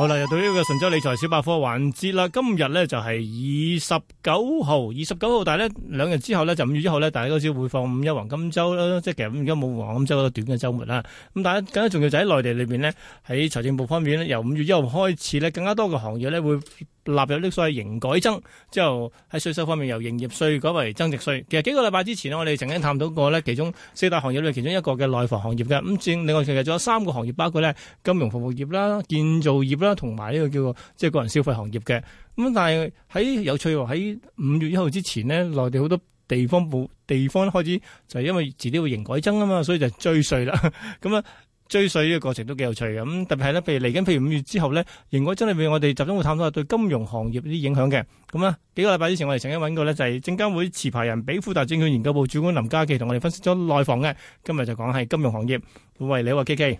好啦，又到呢個神州理財小百科環節啦。今日咧就係二十九號，二十九號，但係咧兩日之後咧就五月一號咧，大家都知會放五一黃金周啦。即係其實而家冇黃金周嗰個短嘅周末啦。咁但係更加重要就喺內地裏邊呢，喺財政部方面咧，由五月一號開始咧，更加多嘅行業咧會納入呢所謂營改增，之後喺稅收方面由營業稅改為增值稅。其實幾個禮拜之前我哋曾經探討過呢其中四大行業裏面其中一個嘅內房行業嘅。咁另外其實仲有三個行業，包括呢金融服務業啦、建造業啦，同埋呢個叫做即係個人消費行業嘅。咁但係喺有趣喎，喺五月一號之前呢，內地好多地方部地方開始就係因為遲啲會營改增啊嘛，所以就追稅啦。咁啊～追稅呢個過程都幾有趣嘅，咁特別係咧，譬如嚟緊，譬如五月之後咧，營改增裏邊，我哋集中會探討下對金融行業呢啲影響嘅。咁啊，幾個禮拜之前我哋曾經揾過咧，就係證監會持牌人比富達證券研究部主管林嘉麒同我哋分析咗內房嘅，今日就講係金融行業。喂，你好，K K！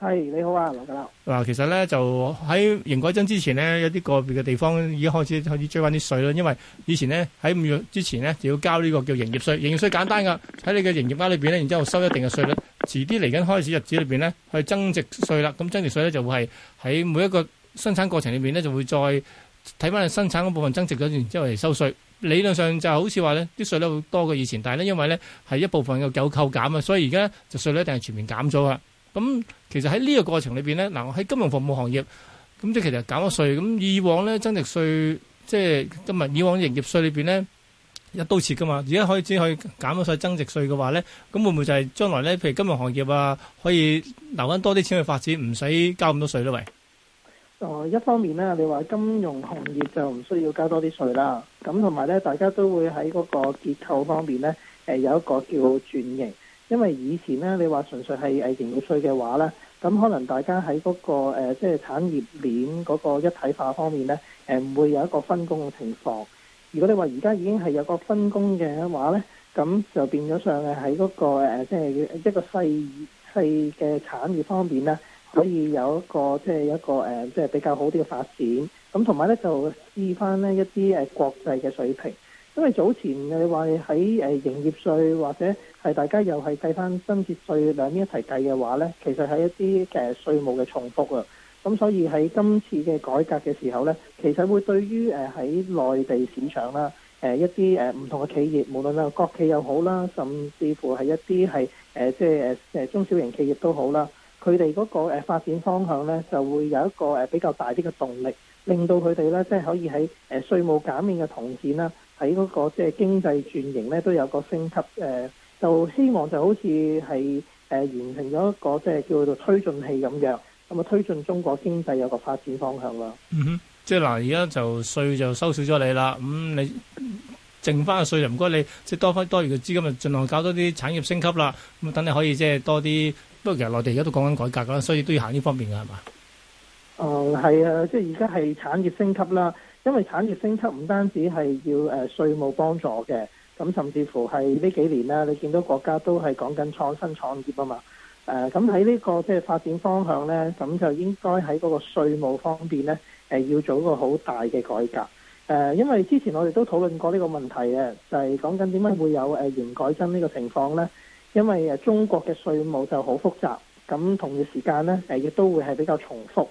係，你好啊，劉家騮。嗱，其實咧就喺營改增之前咧，有啲個別嘅地方已經開始開始追翻啲稅咯，因為以前咧喺五月之前咧就要交呢個叫營業稅，營業稅簡單噶，喺你嘅營業額裏邊咧，然之後收一定嘅稅率。遲啲嚟緊開始日子裏面咧，去增值稅啦。咁增值稅咧就會係喺每一個生產過程裏面咧，就會再睇翻佢生產嗰部分增值咗。然之後嚟收稅。理論上就好似話咧，啲稅呢會多過以前。但係咧，因為咧係一部分有有扣減啊，所以而家就稅率一定係全面減咗啊。咁其實喺呢個過程裏面咧，嗱我喺金融服務行業，咁即係其實減咗稅。咁以往咧增值稅，即係今日以往營業稅裏面咧。一刀切噶嘛？而家可以只可以減咗曬增值稅嘅話咧，咁會唔會就係將來咧，譬如金融行業啊，可以留翻多啲錢去發展，唔使交咁多稅咧？喂！哦，一方面咧，你話金融行業就唔需要交多啲稅啦。咁同埋咧，大家都會喺嗰個結構方面咧，誒有一個叫轉型。因為以前咧，你話純粹係誒營業稅嘅話咧，咁可能大家喺嗰個誒即係產業鏈嗰個一體化方面咧，唔會有一個分工嘅情況。如果你話而家已經係有一個分工嘅話呢，咁就變咗上係喺嗰個即係、就是、一個細細嘅產業方面呢，可以有一個即係、就是、一個誒，即、呃、係、就是、比較好啲嘅發展。咁同埋呢，就試返呢一啲誒國際嘅水平。因為早前你話喺誒營業稅或者係大家又係計翻增值稅兩邊一齊計嘅話呢，其實係一啲誒稅務嘅重複啊。咁所以喺今次嘅改革嘅時候呢，其實會對於喺內地市場啦，一啲唔同嘅企業，無論係國企又好啦，甚至乎係一啲係即係中小型企業都好啦，佢哋嗰個發展方向呢，就會有一個比較大啲嘅動力，令到佢哋呢，即係可以喺誒稅務減免嘅同時啦，喺嗰個即係經濟轉型呢，都有個升級、呃、就希望就好似係誒完成咗一個即係叫做推進器咁樣。咁啊，推進中國經濟有個發展方向啦。嗯哼，即係嗱，而家就稅就收少咗你啦。咁、嗯、你剩翻個稅就唔該你，即係多翻多餘嘅資金啊，儘量搞多啲產業升級啦。咁等你可以即係多啲。不過其實內地而家都講緊改革啦，所以都要行呢方面嘅係嘛？哦，係、嗯、啊，即係而家係產業升級啦。因為產業升級唔單止係要誒稅務幫助嘅，咁甚至乎係呢幾年啦，你見到國家都係講緊創新創業啊嘛。誒咁喺呢個即係發展方向呢，咁就應該喺嗰個稅務方面呢，誒要做一個好大嘅改革。誒、啊、因為之前我哋都討論過呢個問題嘅，就係、是、講緊點解會有誒營改增呢個情況呢？因為中國嘅稅務就好複雜，咁同嘅時間呢，亦都會係比較重複。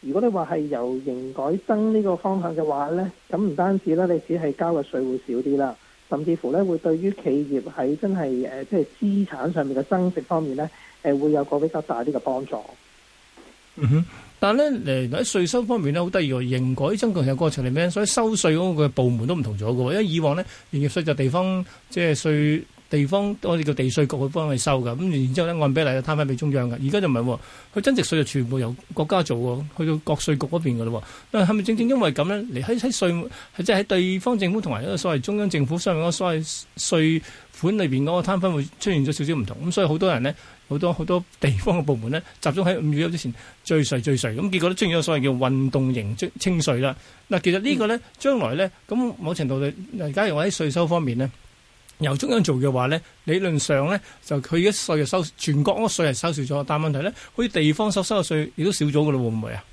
如果你話係由營改增呢個方向嘅話呢，咁唔單止啦，你只係交嘅稅會少啲啦，甚至乎呢，會對於企業喺真係即係資產上面嘅增值方面呢。誒，會有個比較大啲嘅幫助。嗯哼，但係咧，誒喺稅收方面呢，好得意喎，營改增個成個過程係咩咧？所以收稅嗰個部門都唔同咗嘅喎，因為以往呢，營業稅就地方即係稅，地方我哋叫地稅局去幫佢收噶，咁、嗯、然之後呢，按比例攤翻俾中央嘅，而家就唔係喎，佢增值稅就全部由國家做喎，去到國稅局嗰邊嘅啦。但係係咪正正因為咁咧？你喺喺稅即係喺地方政府同埋一個所謂中央政府上面嗰個所謂稅款裏邊嗰個攤分會出現咗少少唔同，咁、嗯、所以好多人呢。好多好多地方嘅部門咧，集中喺五月一之前追稅追稅，咁結果都出現咗所謂叫運動型清清稅啦。嗱，其實呢個咧將來咧，咁某程度上，而家如果喺稅收方面咧，由中央做嘅話咧，理論上咧就佢嘅稅嘅收，全國嗰個稅係收少咗，但係問題咧，好似地方收收嘅稅亦都少咗噶啦，會唔會啊？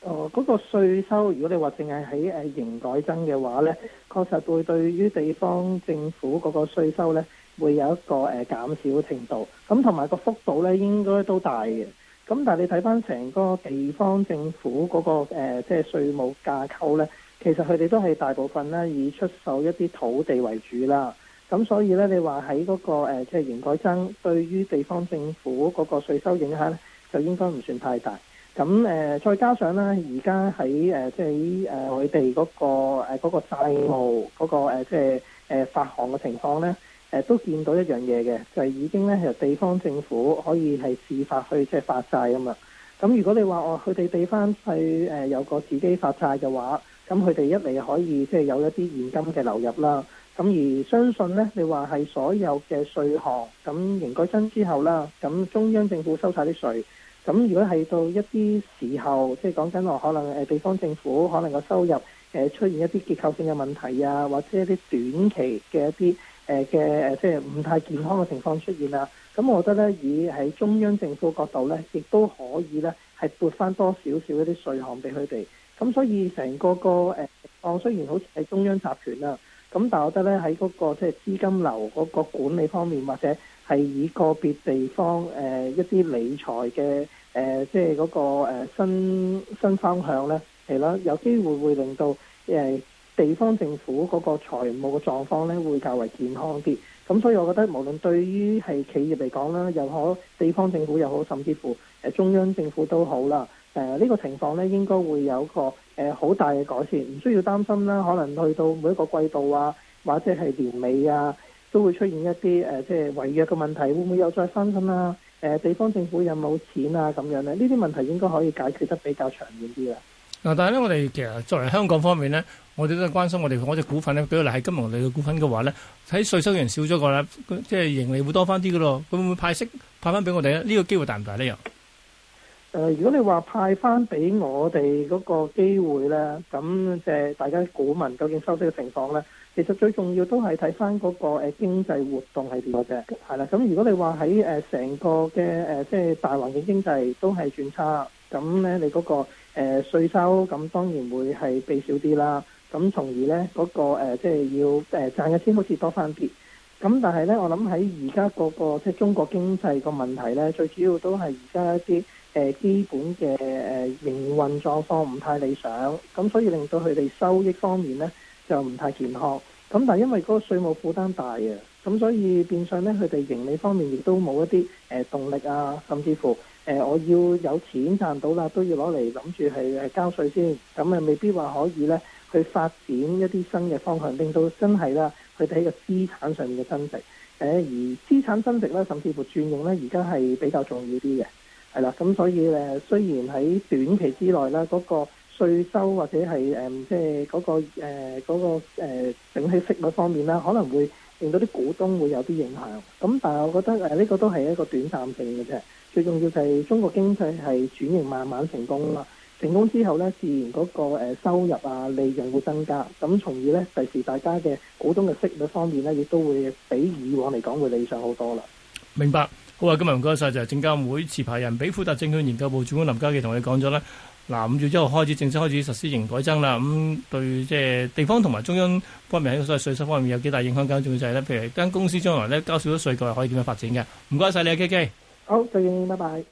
哦，嗰個稅收，如果你話淨係喺誒營改增嘅話咧，確實會對於地方政府嗰個稅收咧。會有一個誒減少程度，咁同埋個幅度咧應該都大嘅。咁但係你睇翻成個地方政府嗰個誒即係稅務架構咧，其實佢哋都係大部分咧以出售一啲土地為主啦。咁所以咧，你話喺嗰個即係營改增對於地方政府嗰個稅收影響咧，就應該唔算太大。咁誒再加上咧，而家喺誒即係佢哋嗰個誒嗰個債務嗰個誒即係誒發行嘅情況咧。誒都見到一樣嘢嘅，就係、是、已經咧，地方政府可以係自發去即係、就是、發債吖嘛。咁如果你話哦，佢哋畀返去誒有個自己發債嘅話，咁佢哋一嚟可以即係、就是、有一啲現金嘅流入啦。咁而相信咧，你話係所有嘅稅項，咁營改增之後啦，咁中央政府收晒啲稅，咁如果係到一啲時候，即係講緊話，可能地方政府可能個收入誒出現一啲結構性嘅問題啊，或者一啲短期嘅一啲。誒嘅誒，即係唔太健康嘅情況出現啦。咁我覺得咧，以喺中央政府角度咧，亦都可以咧，係撥翻多少少一啲稅項俾佢哋。咁所以成個個誒情況，雖然好似係中央集權啦，咁但係我覺得咧、那個，喺嗰個即係資金流嗰個管理方面，或者係以個別地方誒一啲理財嘅誒，即係嗰個新新方向咧，係咯，有機會會令到誒。地方政府嗰個財務嘅狀況咧，會較為健康啲。咁所以，我覺得無論對於係企業嚟講啦，又可地方政府又好，甚至乎誒中央政府都好啦。誒、呃、呢、呢個情況咧，應該會有一個誒好、呃、大嘅改善，唔需要擔心啦。可能去到每一個季度啊，或者係年尾啊，都會出現一啲誒、呃、即係違約嘅問題，會唔會有再翻生啦？誒、呃、地方政府有冇錢啊？咁樣咧，呢啲問題應該可以解決得比較長遠啲啦。嗱，但係咧，我哋其實作為香港方面咧，我哋都係關心我哋嗰隻股份咧。舉例喺金融類嘅股份嘅話咧，喺稅收人少咗個啦，即係盈利會多翻啲嘅咯。會唔會派息派翻俾我哋咧？呢、呢個機會大唔大呢？又、呃、如果你話派翻俾我哋嗰個機會咧，咁即係大家股民究竟收息嘅情況咧，其實最重要都係睇翻嗰個經濟活動係點嘅啫。係啦，咁如果你話喺誒成個嘅即係大環境經濟都係轉差。咁咧、那個，你嗰個誒稅收咁當然會係俾少啲啦。咁從而咧，嗰、那個即係、呃就是、要誒賺嘅錢好似多返啲。咁但係咧，我諗喺而家嗰個即係、就是、中國經濟個問題咧，最主要都係而家一啲誒、呃、基本嘅誒、呃、營運狀況唔太理想。咁所以令到佢哋收益方面咧就唔太健康。咁但係因為嗰個稅務負擔大啊，咁所以變相咧佢哋盈利方面亦都冇一啲誒、呃、動力啊，甚至乎。誒、呃，我要有錢賺到啦，都要攞嚟諗住係係交稅先，咁啊未必話可以咧去發展一啲新嘅方向，令到真係啦佢哋喺個資產上面嘅增值。誒、呃，而資產增值咧，甚至乎轉用咧，而家係比較重要啲嘅，係啦。咁所以咧，雖然喺短期之內啦，嗰、那個稅收或者係誒、嗯，即係嗰、那個誒嗰、呃那個呃、整體息率方面啦，可能會。令到啲股東會有啲影響，咁但係我覺得誒呢個都係一個短暫性嘅啫。最重要就係中國經濟係轉型慢慢成功啦，成功之後咧，自然嗰個收入啊利潤會增加，咁從而咧第時大家嘅股東嘅息率方面咧，亦都會比以往嚟講會理想好多啦。明白，好啊，今日唔該晒，就係證監會持牌人比富達證券研究部主管林嘉麒同你講咗啦。嗱，五月之後開始正式開始實施營改增啦。咁、嗯、對，即、就、係、是、地方同埋中央方面喺個所謂稅收方面有幾大影響？更重要就係、是、咧，譬如間公司將來咧交少咗稅，佢可以點樣發展嘅？唔該曬你，K K。好，再見，拜拜。